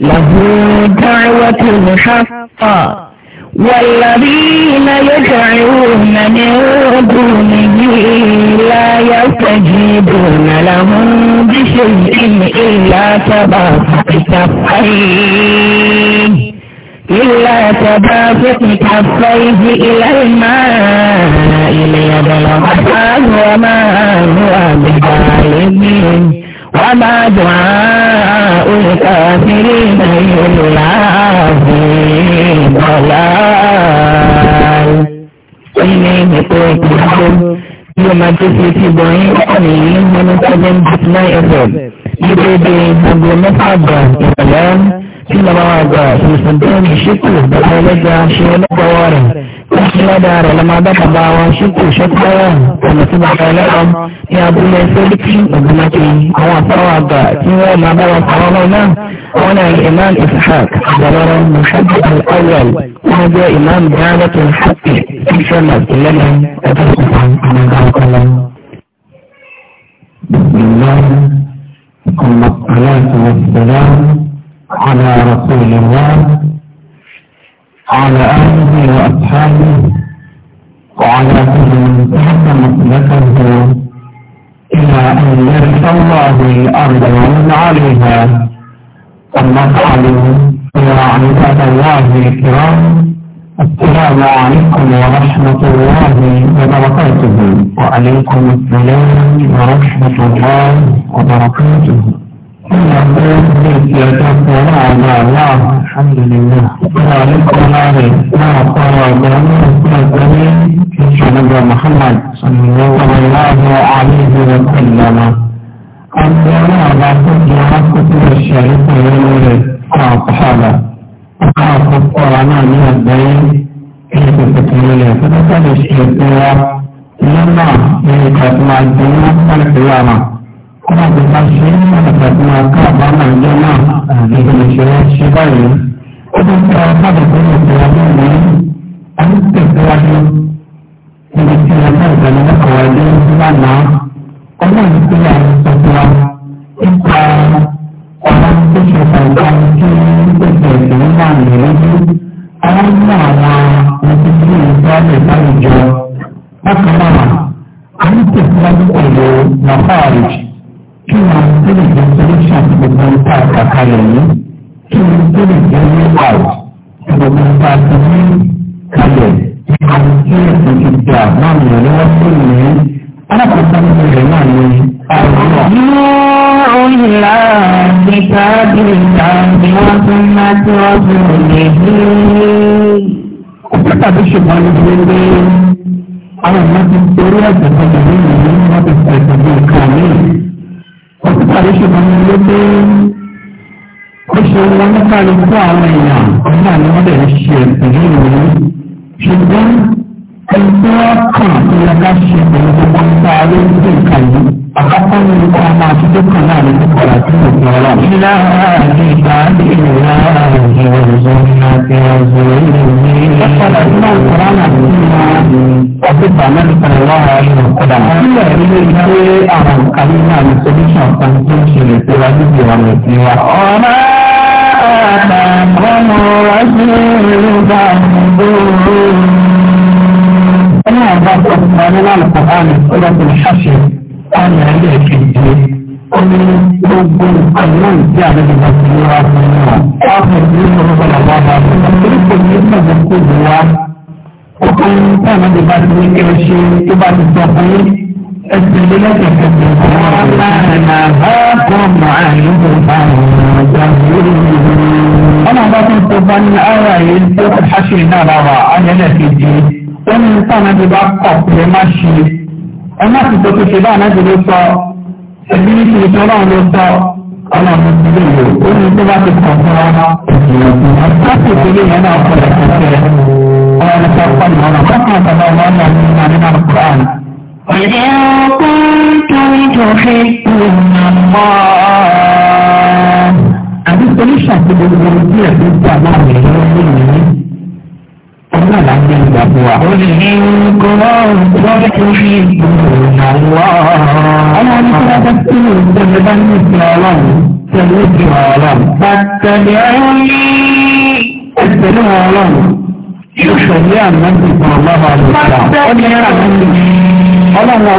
له دعوة الحق والذين يدعون من دونه لا يستجيبون لهم بشيء إلا تباسط كفيه إلا تباسط كفيه إلى الماء ليبلغ حاله وما هو بظالم وما دعاه العظيم ضلال إني كنت يوم تسلي في بوين أني من قدم بسنا إفضل يبدي أبو مصعب الكلام في المواقع في صندوق الشكل بحالة عشان الدوارة Kọ́sílẹ̀ dára lọ máa bẹ́ta bá wọn ṣíkò ṣọ́pẹ́wọ̀ ọ̀nà tí bàtà ẹlẹ́kọ̀ọ́ ní abúlé Fẹ́líkì Ògùnmákì àwọn àfáwà àgbà tí wọ́n máa bá wọn sọ̀rọ̀ lọ náà wọ́n náà Imam Ishaq Àgbàlọ́rọ̀ Mùsàbí Al-Awwal wọ́n jẹ́ Imam Dáadọ́tò Ṣàpì Ṣíṣọ́nà ìlẹ́nu ẹ̀dọ́ ìsọ̀kan àmàgbàkọ́lọ́. Bismillah, على آله وأصحابه وعلى كل من تحت مسلكه إلى أن يرث الله الأرض ومن عليها أما بعد يا عباد الله الكرام السلام عليكم ورحمة الله وبركاته وعليكم السلام ورحمة الله وبركاته محمد صلى الله عليه وسلم أنبياء لا تجعل كتب الشريف ينور أصحابه أخاف القرآن من الدين كيف تكمله فنسأل الشيطان لما يقدم الدنيا والقيامة kọ́mọ tó bá ṣe ní àtàkùn àká àbámọ̀ ìjọ náà nígbà ìṣẹ̀lẹ̀ ṣe báyìí. ó ti sọ káàdì tó ń sọ ọdún ní àtẹ̀síwájú níbi tí ọjọ́ ìdánilẹ́kọ̀ọ́ ẹni lánàá ọmọ ìpínlẹ̀ sọ fún wa nípa ọ̀la tó ṣe kọ̀ọ̀kan tí gbèsè ìlú náà nìyẹn. àwọn ní àwọn ohun tí ìfọ́lẹ̀ báyìí jọ bákan náà kí ni tó lè jẹ́ solution gbogbo nípa àkàkalẹ̀ yìí kí ni tó lè jẹ́ nípa gbogbo nípa ti ní kalẹ̀ àti tí ẹ̀sìn ti dà máa ń lọ lọ́wọ́ tó lè ní alákòóso nínú rẹ̀ náà ni àwọn Ìlà nípa bí ìdáǹdì wọ́n tún máa tí wọ́n tún lè ní. Ọ̀pọ̀ tàbí ṣùgbọ́n ní gbogbo àwọn ọmọ ti torí ẹ̀jẹ̀ tó lè ní ìlú wọn ti pẹ̀lú ìkànnì. Àbí ṣe máa ń lé pé ó ṣe wọn nípa lè fún àwọn èèyàn ọ̀nà ni wọ́n bẹ̀rẹ̀ ṣe ìlú Ṣùgbọ́n ẹgbẹ́ kan ìyá ká ṣe pẹ̀lú gbogbo nípa ló ń gbé nǹkan yìí àkọ́kọ́ ní nípa ọmọ àtúntò kan náà ló ń kọ̀ọ̀rọ̀ àti ìgbà ọ̀la. ìlà àti ìgbà àti ìlà àti ọ̀zọ́ àti ọ̀zọ́ ìlú ní. ọ̀pọ̀lọpọ̀ náà kọ̀ọ̀rọ̀ náà ti mọ ọdún bàmẹ́ nípìnlẹ̀ lọ́wọ́ ayọ̀ kọ̀dà. nílẹ̀ ilé ìgbé àwọn nǹkan náà ní solution kan tó ń ṣe lè tẹ́wá ní àbá tó ń bá nínú àlùkòhánì ọjọ́ tó ń ṣàṣe àmì ẹ̀lẹ́ kejì ó ní gbogbo àlọ́ ìdí àdébìbà tó ń wá fún un wá fún un ní ọjọ́ bọ̀lá wá bá fún un ní kò ní ìgbàgbọ́ kó bù wá ó kún táwọn àdébà tó ń kí ọ ṣe tó bá ti sọ fún yín ẹsẹ̀ lẹ́lẹ́kẹ̀ẹ́ kẹ̀kẹ́ kọ́ ọ́ máa bá kọ́ máa yóò fún un ọjọ́ ìwé ọmọ bá tó ń sọ fún un ní ara yìí tó ṣàṣe náà lára á ó ní nípa náà bá kọ̀ pé má ṣe ẹ má sì tó ṣe bá náà ló sọ ẹbí ní kí ìṣọ́ náà ló sọ ọ̀nà mi ti lè lò ó ní tó bá ti kọ̀ fún wa náà láti ìpínlẹ̀ yẹn náà kọ̀ ẹ̀ kọ̀ọ̀kẹ́ ọ̀rọ̀ nípa pọ̀ ní ọ̀nà kọ́kàn àtàwọn ọmọ ọ̀nà mi ní àdínà kọ́ọ̀nù. قل إن كنتم تحبون الله أبي سليشة في الجنة في Allah la ń gbé ìgbà fún wa. Ó lè ní kó lọ́rùn tó fi ìgbòho àwọn ọ̀rọ̀. Ọlọ́run tó bá tí ò ń tẹ̀lé ọba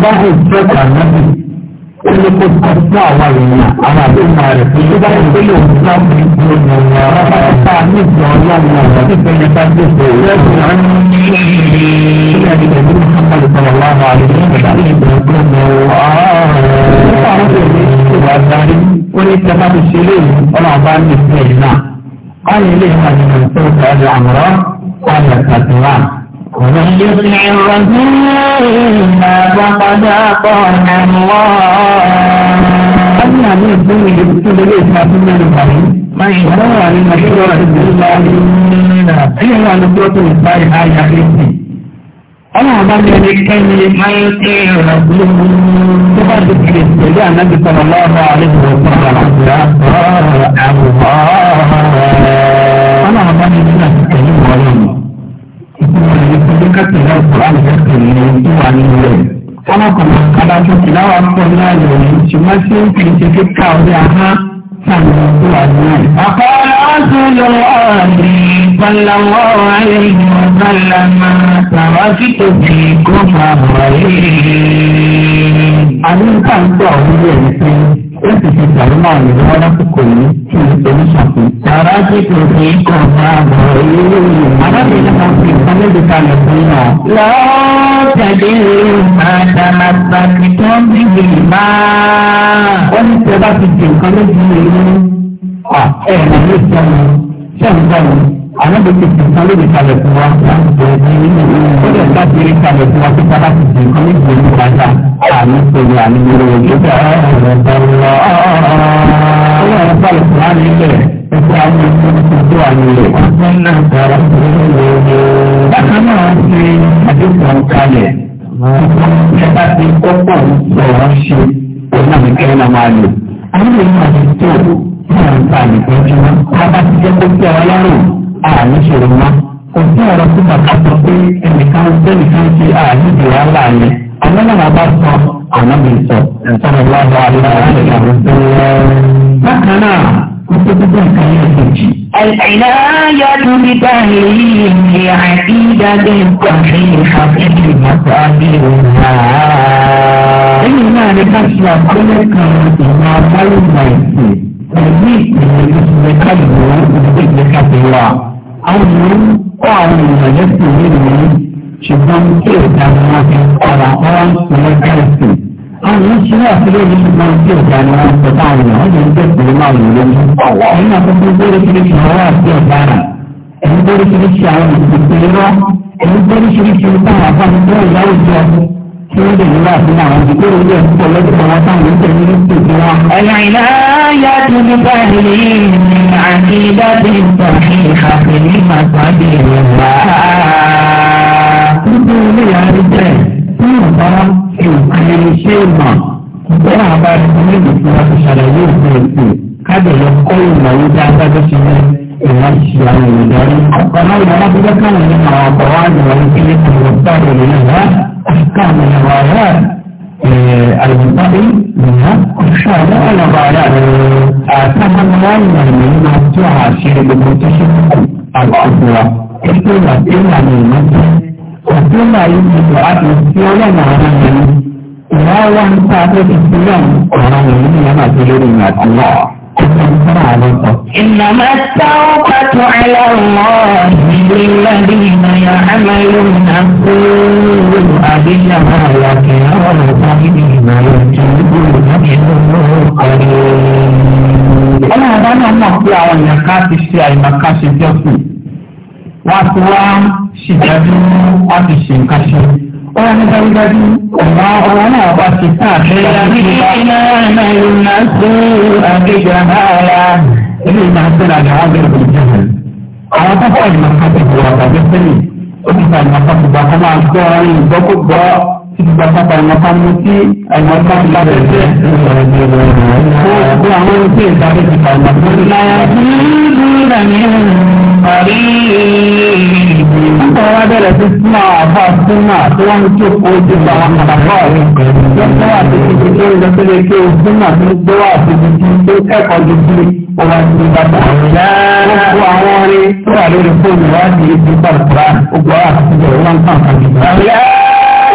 kò fẹ́ kà ó ní kó tó fún àwọn èèyàn àwọn àdéhùn rẹ̀ kí ló bá yẹ pé yóò fún àwọn ènìyàn lọ́wọ́ pátápátá ní ìgbà ọlọ́run ọ̀rọ̀ nípa ẹni bá dé pé lẹ́sìn náà ń ní ilé ẹni pẹ̀lú Muhammad sallallahu alaihi wa sallam ìgbàgbọ́ mọ́ nípa àwọn èmi ìwà darí ó ní tí a bá ti ṣe léyìn ọlọ́run bá ní ìfẹ́ yìí náà. قال إليها من سوف يدعو أمره قال يستطيعان كل ابن وفيما فقد أطعنا الله أنا من الدنيا بكل ليس ما كنا نفعل ما يهوى لمشورة الظالمين إلا نبرة البارحة يا أخي Ọlọ́run bá ní ẹni kẹ́ni máyọ́tì ìrọ̀lú tó bá ti fi ìpèlú ànábì kan lọ́wọ́ àlejò ọ̀pọ̀ àlàáfíà ọ̀rọ̀ àbùkọ́. Ọlọ́run bá ní ẹni náà ti tẹ̀lé ìwọ̀n lọ́wọ́ ìfúnnilẹ́sọ̀kẹ́tẹ̀lẹ́ ọ̀pọ̀lọpọ̀ ìfẹ̀lẹ́ tó wà nínú rẹ̀. ọlọ́kọ̀ọ́mọ adájọ́ tìláwà pọ̀ láàyò yìí ṣùgbọ́n tí ń fi ṣe kíkà orí ahá sàmì tó wà nínú rẹ̀. àkọọ́lẹ̀ ọ̀ṣunlọ ọ̀rẹ́ ìpalawọ́ ayé ìmọ̀tàlámà tàwa sí tòbí kó máa wọlé. àdúgbò àgbà òwúrọ̀ ìfẹ́ láti fi sàrúmọ̀ àlùwọ́ lásìkò yìí tí oníṣàfihàn. Tààrà tí kò fi kọ̀ máa bọ̀ ilé yìí. Àbábí ni mo fi nǹkan méje kalẹ̀ fún yàn. Lọ́ọ̀tẹ̀lé àdàmà pàtì tó ń bí yìí máa. Wọ́n ní tí ẹ bá ti di nǹkan méjì yìí ní ẹ̀ ẹ̀ ní sẹ́nu sẹ́nu sẹ́nu àwọn gbèsè tuntun ló lè kalẹ̀ fún wa láti bẹ̀rẹ̀ ní nínú ó lè bá ti rí kalẹ̀ fún wa pípa láti di nǹkan ní ìgbè ní kàdá àmì sọ̀rọ̀ àmì ìrò ìjọba ọ̀rọ̀ ìbálẹ̀ fún wa nílẹ̀ ẹ̀fọ́ àwọn ìṣòro tó tó àmì rẹ̀ wọ́n ń náà tọrọ bákan náà ṣe àdéhùn kalẹ̀ nípa ti kọ́kọ́ sọ̀rọ̀ ṣe onáàmìkẹ́ náà máa lò àwọn èèyàn àti tó ní àǹfààní pẹ̀lú wọn bá ti jẹ́ pé kí ọ àní ṣòro mọ́ kò sí ọ̀rọ̀ tí bàbá sọ pé ẹnìkan bẹ́ẹ̀nìkan ti àní ìdìrà ńlá yẹn àmọ́ náà bá sọ àná mi sọ ìtọ́nà lọ́wọ́ àlọ́ àlejò bákan náà kò tó gbogbo nǹkan yẹn lè jì. العناية بتهيئ عقيدة صحيحة في مصادرها lẹ́yìn náà ni ká ṣe àkọlé kan ìmọ̀ abáyé náà ìpè pẹ̀lú káyọ̀ ìdílé ìpìlẹ̀ káfíńwá àwọn ènìyàn ń kọ́ àwọn ènìyàn lẹ́sìn ní ìlú yìí ṣùgbọ́n kí ìdá ni wọ́n fi kọ́ra ọ̀rọ̀ ń pè é káàsì. àwọn ènìyàn ṣe wà sílẹ̀ ní ìgbọ́n kí ìdá ni wọ́n sọ fáwọn ènìyàn wọ́n lè ń bẹ̀rẹ̀ máa wò lójú. ẹ̀yin kí ọwọ́ àti ọ̀daràn ẹ̀yin gbére kiri kí àwọn ìpìlẹ̀ tí ó lè nígbà fún àwọn ìdílé orí ẹ̀ púpọ̀ lọ́dún kan látàwọn ìjẹ́ ní ìdílé wa. ọ̀nà ìlàyà tó ní báyìí ní àkídáde ìtọ́jú ìhàfẹ́ ní màgbàdé ìwà. nínú ilé yàrá jẹ́ tí ìbá ìkànnì ṣe mọ̀ bẹ́ẹ̀ àbá ìdílé ìfún wa ti ṣàlàyé òfin ètò kájọ lọ kọ́ ìmọ̀ yìí adájọ́ ti ní ìwà ìṣe àwọn ìdarí. ọ̀pọ̀ náà ìdájọ́ أحكام الروايات المنطقي منها والشهر على ضعيان أعتمد الله من مرجع شيء بمنتشر الأسرة إلا إلا من المنطقي وكما يمكن أن يستيولا معنا من لا وانتعب الإسلام وعلى من يمات لرمات الله إنما التوبة على الله للذين يعملون السوء بالجهالة والظالمين يتوبون منه قريب. أنا أنا أنا في أول نقاط الشيء المكاسب يقول. Wọ́n ti wá ṣèdájú wọ́n wọ́n ní dájúdájú ọ̀nà ọ̀nà náà bá ti tán àtẹ́yà nígbà náà iná sí àgbéga náà ilé ìmọ̀ àtẹ́lẹ̀ àgbà àgbẹ̀rẹ̀ kò jẹ́ ẹ̀. àwọn tó fọ́ ìmọ̀ kápẹ́tì wà tàbí sẹ́yìn ó ti fa ìmọ̀ kápẹ́tì wà kọ́ máa gbọ́ ọ̀rìn ìgbọ́kúgbọ́ títí gba pápá ìmọ̀ kápẹ́tì tí ìmọ̀ kápẹ́tì bá bẹ̀rẹ̀ jẹ́. gbogbo àwọn ohun tí ìgbà Àwọn wá bẹ̀rẹ̀ sí súnmọ́ àbá súnmọ́ tí wọ́n ń tó kó ojú àwọn àbàbọ̀ rẹ̀. Lọ́pọ̀ àti títí tó ń lọ sí lè ké súnmọ́ tó gbó àti títí tó kẹ́kọ̀ọ́ gidi ọba ti di bàtà. Gbogbo àwọn orin tó wà lórí fóònù wá di ibi bàtà. Gbogbo àwọn àti títí tó wọ́n ń tàn kàgbé.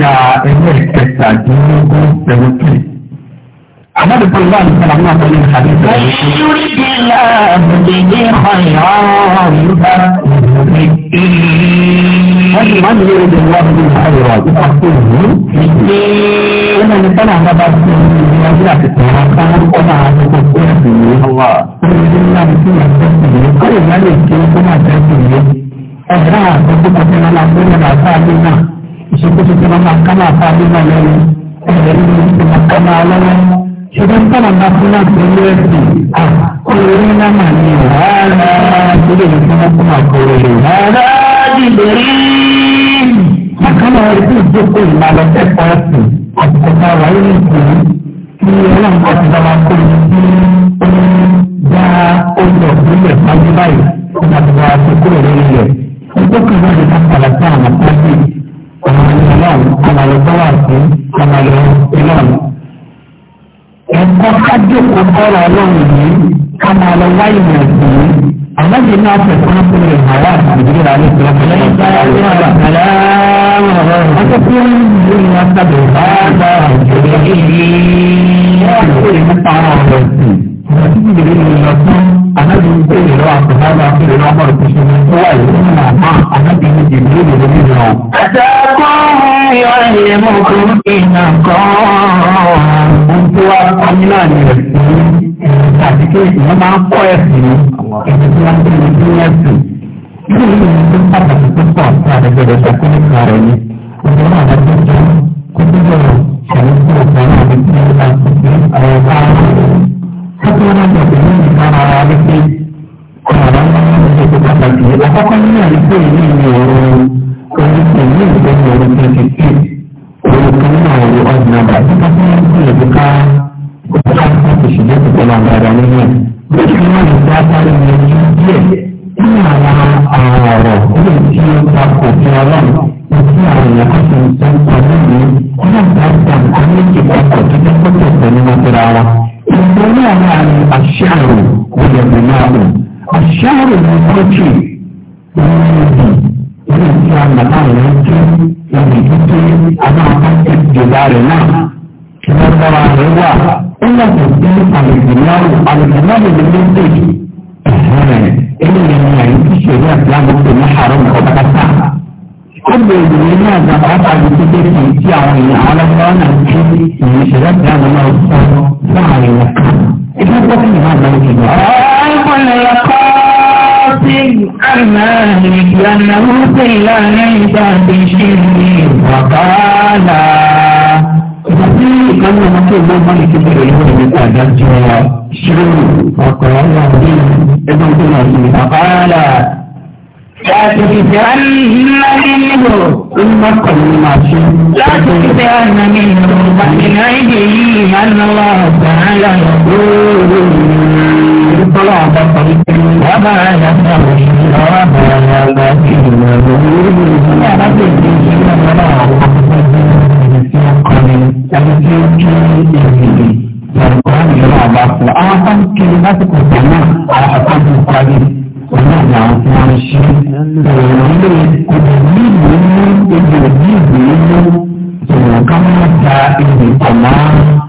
àyà ẹlẹ́ẹ̀kẹtàdínlógún seventy. Àbáde tó bá ní sọ̀rọ̀ náà wọlé ìsàlẹ̀ ìsọ̀rọ̀. Lórí bí láàbùdé ní ọ̀yọ́ ìgbà ìgbè. Wọ́n ti máa ń lé ojú wa bí ìsàlẹ̀ ìgbà tó wù ú. Ìgbè. Wọ́n máa ń sọ̀rọ̀ àwọn bàbá tó ń bí wọ́n bí àti tẹ̀wọ́n ń kọ́ náà ẹ̀sìn yìí. Wọ́n ti ní láti tún ẹ̀sìn yìí. Kọ́lé ìyá lè ìṣèkóso tí wọn máa ká máa fa ní ìmọ̀ lẹ́nu ẹ̀rẹ́ ní ìlú tí wọn ká máa lọ́wọ́ ṣùgbọ́n sábà máa fún náà tó lé ẹ̀sìn àkórí náà mà ní rárá ìdílé ní fún wọn kó máa kórè rárá ìdílé bákan náà rí sí ìjókòó ìmọ̀lẹ́ ẹ̀kọ́ ẹ̀sìn àti kọ̀ọ̀tà wáyé ní ìpín kí ọlọ́run ti bá kó ní bí ó ń dá oúnjẹ òkúlẹ̀ sáájú báyìí ó máa kó kúrò lórí rẹ̀ ọjọ́ kan náà lè kájókòó ọ̀rọ̀ ọlọ́run yìí ká máa lọ wá ìrìn àjò yìí àmọ́jì náà fẹ̀kọ́ ń pè é àwa àgbègbè rà ní ìpínlẹ̀ ọjọ́ tí ó ń lò ní asábẹ̀ bá àgbègbè yìí ó lè mú para ọ̀rọ̀ sí i ìgbà tí ìgbèrè ní ìlọ fún anájú ń pè é lọ́wọ́ àpò náà lọ́wọ́ àpò náà mọ̀ ìpèsè ní ìwà المخلصين Àti kí èèyàn máa ń kọ́ ẹ̀sìn ẹ̀sìn tí ní ní ẹ̀sìn. Ilé ìlú tó pàtàkì tó pọ̀ sí àdẹ́gbẹ̀rẹ̀ ṣàkóso ìgbà rẹ̀ ni. Òjò náà bá tó kó tó bẹ̀rẹ̀ ṣẹ̀lẹ̀ tó ọ̀pọ̀ náà ní kí wọ́n bá ti fi ọ̀rọ̀ bá wọn. Sọ́kí wọn náà bẹ̀rẹ̀ ní ìgbà ara wa pé ọ̀rọ̀ pẹ̀lú ìgbẹ́ni ọdún twenty two òun kan náà wọ ọdún nàbà nípa tí wọ́n ti lè ká ọ̀pọ̀ káàkiri ìṣẹ̀lẹ̀ ìpọ̀lọ̀ àgbàdà nínú ẹ̀. bí kí wọ́n lè dá parí ní ojú díẹ̀ nínú àwọn ọ̀rọ̀ ilé tí ó ta kò fi ọlọ́run ìdí àwọn èèyàn kan ti ń sọ lónìí ọlọ́run bá ta nǹkan méjì kọ̀ọ̀kan tó jẹ́ pọ̀tọ̀ pẹ̀lú wọn wa. ìgbẹ́ náà wà ní àṣàrò òyìnbó náà àṣàrò ní bọ́ọ̀tì ní ìlú lára bàbá rẹ̀ tí ibi títí abáwọn ìjọba rẹ̀ náà kí wọ́n bára rẹ̀ wà ó yàtọ̀ sí àlùfíláwò àlùfíláwò ló ló dé eléyìí ni àyè tí ṣèlú àti àgbègbè ní àrùn ọ̀pọ̀lọpọ̀ ó lè lè ní àgbà pàápàá ní títí kì í tí àwọn èèyàn àwọn ọlọ́pàá náà ti ìyẹn ṣẹlẹ̀ àti àwọn ọlọ́pàá náà sọ láàrin wọn. ìfẹ́ pọ́sí ìmọ̀ àgbà ìjọba. ọ̀rọ̀ ẹ̀kọ́ lè yẹ kọ́. الأمان لأنه صلى ليس بشيء وقال Ìgbàgbé kan náà tó gbọ́ bá ìṣe bẹ̀rẹ̀ lórí nípa ìdájọ́ ṣírò ọkọ̀ ọ̀la ní ẹgbẹ́ tó náà ṣe Láti fi ṣe á ìlú nílò. ní máa ṣe. Láti fi ṣe á ìlú. Bàtìlá ìdè máa ń tọ́lá ọ̀gá sọ wípé wọ́n bá ara yà sí àwọn ènìyàn ọ̀rọ̀ àbẹ̀rẹ̀ ní àgbà sí ìlú ẹ̀rọ orílẹ̀-èdè ní alágbègbè ìṣẹ́ ọ̀gá àwọn ọmọdé ẹni tí ó kọ́ni ẹni tí ó kí ìrìnlẹ̀ ẹ̀kọ́ ìlú àbá fún àwọn tó ń kiri lásìkò tẹ̀lé àwọn àkọ́jú kwalé òun àti àwọn tí wọ́n ń ṣe ìrọ̀lẹ́ òdòdó ìlú ní òdòdó ìlú ìlú ìrọ̀kámọ́ta ìlú ọ̀mọ́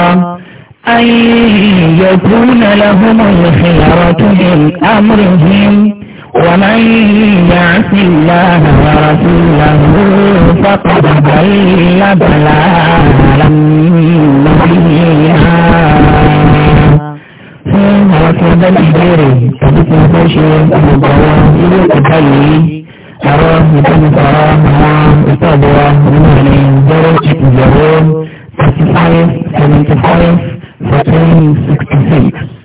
أن يكون لهم الخيرة من أمرهم ومن يعص الله ورسوله فقد ضل ضلالا مبينا fún àwọn tí wọ́n bá ní ìbéèrè tàbí tí wọ́n fẹ́ ṣe àgbàwọ̀ ilé ẹ̀ka yìí ẹ̀rọ ìbánisọ̀rọ̀ àwọn ìtọ́jú wa nínú ìlú zero eight zero thirty five seventy five 1466